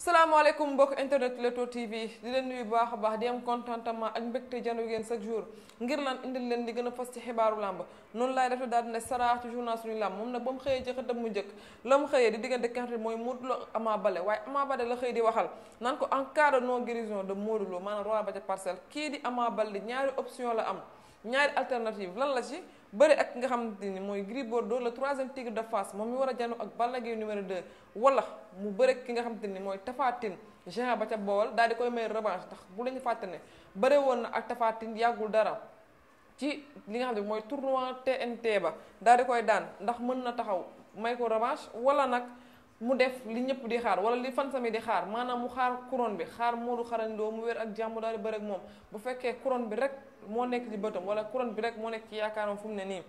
salaamaaleykum mbokk internet Leewtoo TV di leen nuyu baax a baax di am contentement ak mbégte janu ngeen chaque jour ngir lan indil leen li gën a fas ci xibaaru làmb noonu laay def daal di ne saraax ci journal suñu làmb moom nag ba xëyee ci xëtam mu njëkk la xëyee di diggante kante mooy Modou Lo Ama Baldé waaye Ama Baldé la xëy di waxal naan ko en cas de non guérison de Modou Lo maanaam roi ba ca parcelle kii di Ama Baldé ñaari option la am ñaari alternative lan la ci bëri ak nga xamante ni mooy Gris Bordeaux le troisième tigre de Fass moom mi war a jano ak Balla Gaye numéro 2 wala mu bëri ki nga xamante ni mooy tafaatin Tine ba ca Bawol daal di koy may revanche tax bu la ñu fàtte ne bëri woon na ak Tapha Tine yàggul dara ci li nga xam ne mooy tournoi TNT ba daal di koy daan ndax mën na taxaw may ko revanche wala nag mu def li ñëpp di xaar wala li fan sami di xaar maanaam mu xaar couronne bi xaar Modou Xarañ Lo mu wér ak jàmm daal di bëre moom bu fekkee couronne bi rek moo nekk ci bëtam wala couronne bi rek moo nekk ci yaakaaram fu mu ne nii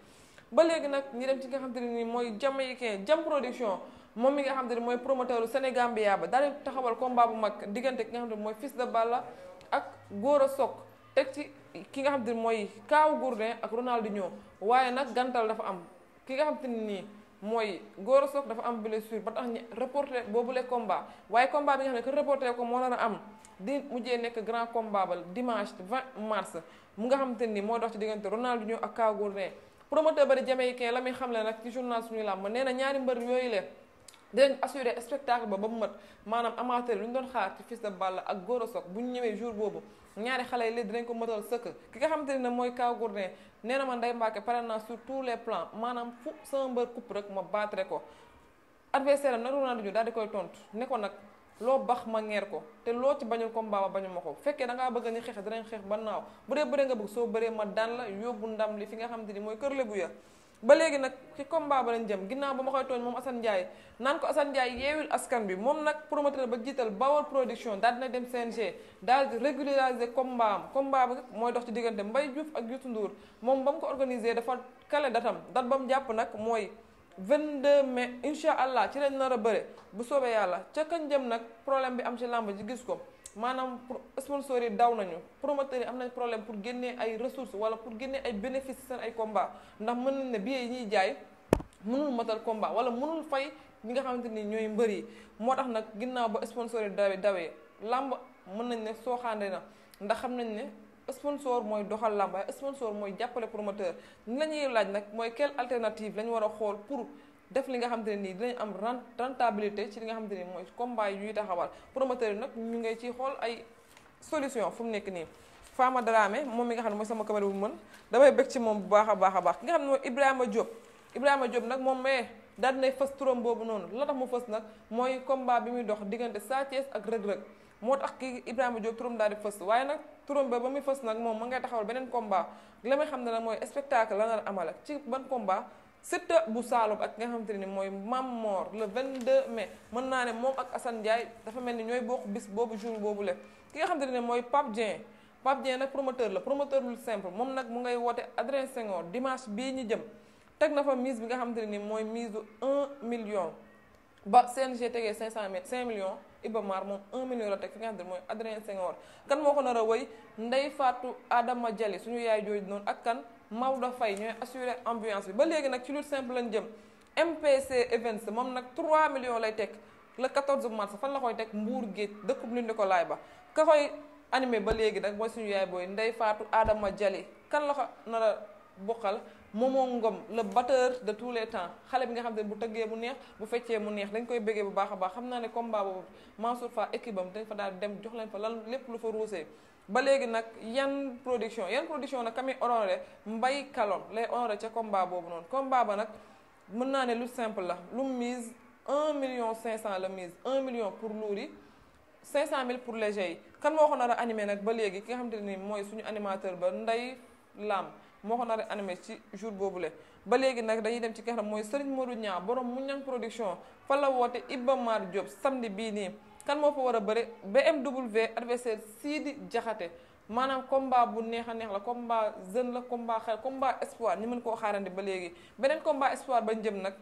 ba léegi nag ñi dem ci nga xam te ne nii mooy Jamaïcain Jam Production moom mi nga xam te ne mooy promoteur u Sénégambia ba daal taxawal combat bu mag diggante ki nga xam te ne mooy Fils de Balla ak góor a Sock teg ci ki nga xam te ne mooy Kaaw Gourdin ak Ronaldinho ñoo waaye nag gantal dafa am ki nga xam te nii mooy Gora Sock dafa am blessure ba tax ñu boobu boobule combat waaye combat bi nga xam ne que reporté ko moo nar a am di mujjee nekk grand combat ba dimanche 20 mars mu nga te ni moo dox ci diggante Ronaldinho ak Kaw Gourdin promoteur ba di Jamaïcain la muy xamle nag ci journal suñu làmb nee na ñaari mbër yooyu leen dinañ assuré spectacle ba ba mu mat maanaam amateur lu ñu doon xaar ci Fils de Balla ak Gora Sock bu ñu ñëwee jour boobu ñaari xale yi léegi dinañ ko matal sëkk ki nga xamante ne mooy Kaw Gourdin nee na ma Ndeye Mbacke pare naa sur tous les plan maanaam fu sama mbër coupe rek ma baatre ko adversaire am nag Ronaldinho ñu daal di koy tontu ne ko nag loo bax ma ngeer ko te loo ci bañul combat ma bañu ma ko fekkee da ngaa bëgg ñu xeex dinañ xeex ba naaw bu dee bëre nga bëgg ma daan la yóbbu li fi nga xamante ni mooy kër Lebu ya ba léegi nag ci combat ba lañ jëm ginnaaw ba ma koy tooñ moom Assane Ndiaye naan ko Assane Ndiaye yeewil askan bi moom nag promoteur ba jiital Bawol production daal dina dem CNG daal di régulariser combat am combat bi mooy dox ci diggante Mbaye Diouf ak Youssou Ndour moom ba mu ko organiser dafa kale datam dat ba mu jàpp nag mooy 22 mai incha allah ci lañ nar a bëre bu soobee yàlla ca kañ jëm nag problème bi am ci làmb ji gis ko maanaam pour sponsors yi daw nañu promoteurs yi am nañ problème pour génnee ay ressources wala pour génnee ay bénéfices seen ay combat ndax mën nañ ne billets yi ñuy jaay mënul matal combat wala mënul fay ñi nga xamante ni ñooy mbër yi moo tax nag ginnaaw ba sponsors yi dawe dawee làmb mën nañ ne soo sooxaande na ndax xam nañ ne sponsor mooy doxal làmb sponsor mooy jàppale promoteur ni la ñuy laaj nag mooy quelle alternative la ñu war xool pour def li nga xam ne nii dinañ am rentabilité ci li nga xam te ne mooy combat yi ñuy taxawal promoteur yi nag ñu ngay ciy xool ay solution fu mu nekk nii faama Dramé moom mi nga xam ne mooy sama caméra mën damay bëgg ci moom bu baax a baax a baax mooy Ibrahima Diop Ibrahima Diop nag moom mayee daal dinay fës boobu noonu la tax mu fës nag mooy combat bi muy dox diggante Sa Thiès ak Reug moo tax kii Ibrahima Diop turam daal di fës waaye nag turam ba muy fës nag moom ma ngay taxawal beneen combat la may xam ne nag mooy spectacle la nar amala ci ban combat Siteu bu Saalum ak nga xamante ni mooy Mamor le de mai mën naa ne moom ak Assane Ndiaye dafa mel ni ñooy bokk bis boobu jour boobu le ki nga xamante ne mooy Pape Dieng Pape Dieng nag promoteur la promoteur lu simple moom nag mu ngay woote Adrien Senghor dimanche bii ñu jëm teg na fa mise bi nga xamante ne ni mooy mise bu 1 million ba CNG tegee 500 mille cinq millions Iba Mar moom 1 million la teg fi nga xamante ne mooy Adrien Senghor kan moo ko nar a wëy Ndey Faatu Adama Jali suñu yaay jooju noonu ak kan Maodo fay ñooy assuré ambulance bi ba léegi nag ci lutte simple lañ jëm MPC Events moom nag 3 millions lay teg le 14 mars fan la koy teg Mbour Géej dëkkub lu Nikolaay ba ka koy anime ba léegi nag mooy suñu yaay booy Ndey Faatu Adama Jali kan la ko nar a bokkal Momo Ngom le batteur de tous les temps xale bi nga xam ne bu tëggee mu neex bu feccee mu neex dañ koy bëggee bu baax a baax xam naa ne comme boobu Mansour Fa équipe am fa daal dem jox leen fa lan lépp lu fa ruusee ba léegi nag yan production yan production nag kami honoré mbay Kalom lay honoré ca combat boobu noonu combat ba nag mën naa ne lu simple la lu mise un million cinq cent la mise un million pour lourd yi cinq cent mille pour léger yi kan moo ko nar a animé nag ba léegi ki nga ne ni mooy suñu animateur ba Ndeye Lam moo ko nar a animé ci jour boobu boobule ba léegi nag dañuy dem ci nga xam mooy Serigne Modou Niang borom mu ñang production fa la woote Iba Mar Diop samedi bii nii kan moo fa war a bëre BMW adversaire Sidi Diakhaté maanaam combat bu neex a neex la combat jeune la combat xel combat espoir ñu mën koo xaarandi ba léegi beneen combat espoir ba jëm nag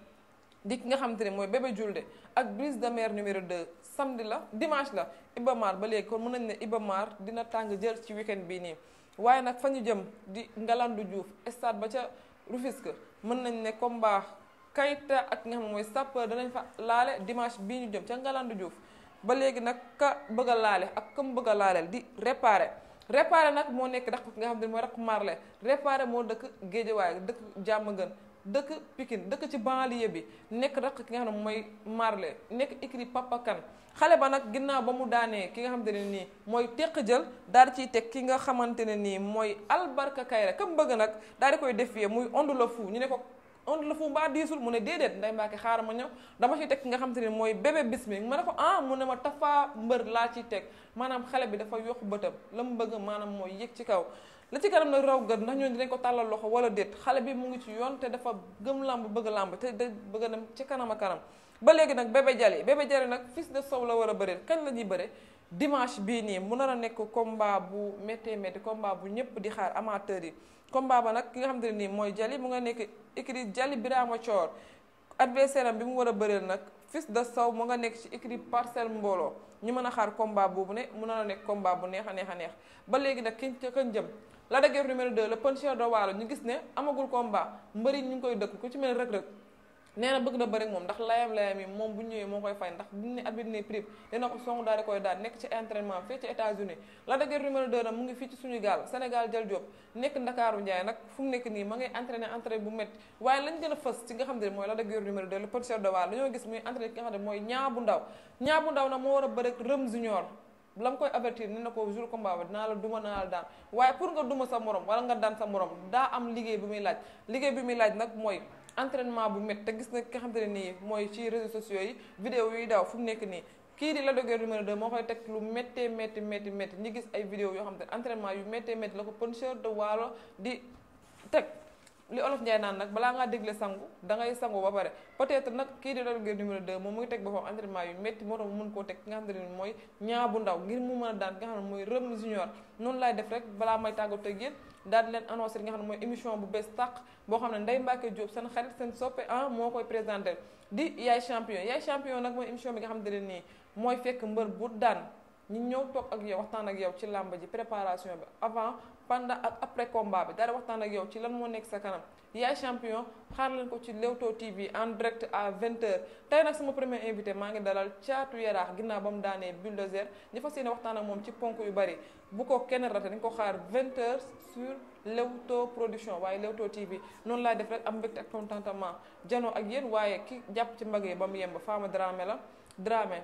di ki nga xamante ne mooy Bébé Diouldé ak Brise de Mer numéro 2 samedi la dimanche la Iba Mar ba léegi kon mën nañ ne Iba Mar dina tàng jël ci weekend bii nii waaye nag fa ñu jëm di Ngalandu Diouf stade ba ca Rufisque mën nañ ne combat Kayta ak nga xam mooy Sapeur danañ fa laale dimanche bii ñu jëm ca Ngalandu Diouf ba léegi nag ka bëgg laale ak ka mu bëgg a laaleel di réparé réparé nag moo nekk raq ki nga xam ne mooy raq marle réparé moo dëkk géejawaay dëkk jàmm gën dëkk Pikine dëkk ci banlieue bi nekk rax ki nga xam ne nekk écrit Papa xale ba nag ginnaaw ba mu daanee ki nga xamante ne nii mooy teq jël daal di ciy teg ki nga xamante ne nii mooy albarka kayra kam bëgg nag daal di koy defee muy ondu la fu ñu ne ko on la fu mbaa diisul mu ne déedéet nday mbaake xaaral ma ñëw dama ciy teg ki nga xam te ne mooy bébé bismi ma ne ko ah mu ne ma tafaa mbër laa ci teg maanaam xale bi dafa yokk bëtam la mu bëgg maanaam mooy yëg ci kaw la ci kanam nag raw gën ndax ñooñu ne ko tàllal loxo wala déet xale bi mu ngi ci yoon te dafa gëm làmb bëgg làmb te da bëgg a dem ci kanam kanam ba léegi nag bébé Jali bébé Jali nag fis de sow la war a bëreel kañ la ñuy bëre dimanche bii nii mu nar a nekk combat bu méttee métti combat bu ñëpp di xaar amateur yi combat ba nag ki nga xam ne nii mooy Jali mu nga nekk écrit Jali Birama Coor adversaire am bi mu war a bëreel nag fils de sow mu nga nekk ci écrit parcelle mbooloo ñu mën a xaar combat boobu ne mu nar a nekk combat bu neex a neex a neex ba léegi nag kiñ ca kan jëm la dëggeef numéro 2 le puncheur de Waalo ñu gis ne amagul combat mbëri ñu ngi koy dëkk ku ci mel rëg-rëg nee na bëgg na bëri moom ndax layam layam yi moom bu ñëwee moo koy fay ndax bu ñu ne arbitre ne prime dina ko song daal di koy daal nekk ci entraînement fii ci États-Unis la de guerre numéro 2 mu ngi fii ci suñu gaal Sénégal jël Diop nekk Ndakaaru Njaay nag fu mu nekk nii ma ngay entraîné entraîné bu métti waaye lañ gën a fës ci nga xam ne mooy la de guerre numéro 2 le potisseur de Waal dañoo gis muy entraîné ki nga xam ne mooy ñaa ndaw ñaa ndaw nag moo war a bëri Rëm Junior la mu koy avertir ne na ko jour combat ba dinaa la duma naa la daan waaye pour nga duma sa morom wala nga daan sa morom daa am liggéey bi muy laaj liggéey bi muy laaj nag mooy entrainement bu métti te gis nga xamante ne nii mooy ci réseaux sociaux yi vidéo yuy daw fu mu nekk nii kii di la dogeer numéro 2 moo koy teg lu méttee métti métti ñi gis ay vidéo yoo xam ne entraînement yu méttee métti la ko puncheur de waalo di teg li olof Njaay naan nag balaa ngaa dégle sangu da ngay sangu ba pare peut-être nag kii di loolu gën numéro 2 moom muy ngi teg boppam entraînement yu métti moo mu mën koo teg ki nga xamante ne mooy ñaa ndaw ngir mu mën a daan ki nga xam ne mooy Reum Junior noonu laay def rek balaa may tàggatoo ak yéen daal di leen annoncé nga xam ne mooy émission bu bees tàq boo xam ne Ndeye Mbacke Diop seen xarit seen soppe ah moo koy présenté di yaay champion yaay champion nag mooy émission bi nga xam ne nii mooy fekk mbër bu daan ñu ñëw toog ak yow waxtaan ak yow ci làmb ji préparation bi avant pendant ak après combat bi daal di waxtaan ak yow ci lan moo nekk sa kanam yaay champion xaar leen ko ci Leewtoo TV en direct à 20h tey nag sama premier invité maa ngi dalal caatu yaraax ginnaaw ba mu daanee bulldozer ñu fas yéene waxtaan a moom ci ponk yu bari bu ko kenn rate dañ ko xaar 20h sur Leewtoo production waaye Leewtoo TV noonu laay def rek am mbégte ak contentement janoo ak yéen waaye ki jàpp ci mbagg yi ba mu yemb Fama Dramé la drame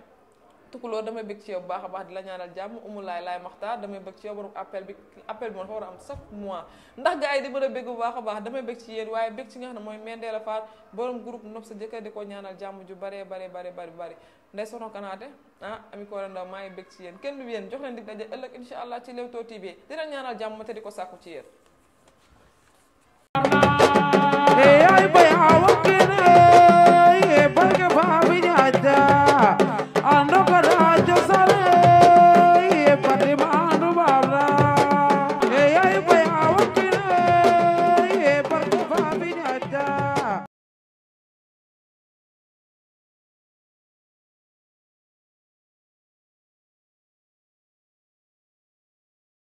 tukuloo damay bëgg ci yow bu a baax di la ñaanal jàmm umulaay laay maxtaar damay bëgg ci yow borom appel bi appel bi moom dafa war a am chaque mois ndax gars yi di mën a bëgg bu baax a damay bëgg ci yéen waaye bëgg ci nga xam ne mooy Mendela Fall borom groupe nopp sa jëkkër di ko ñaanal jàmm ju baree bare bare bari bari nday soxna kanaate ah ami ndaw maa bëgg ci yéen kenn du yéen jox leen dig daje ëllëg insha allah ci Leewtoo TV dina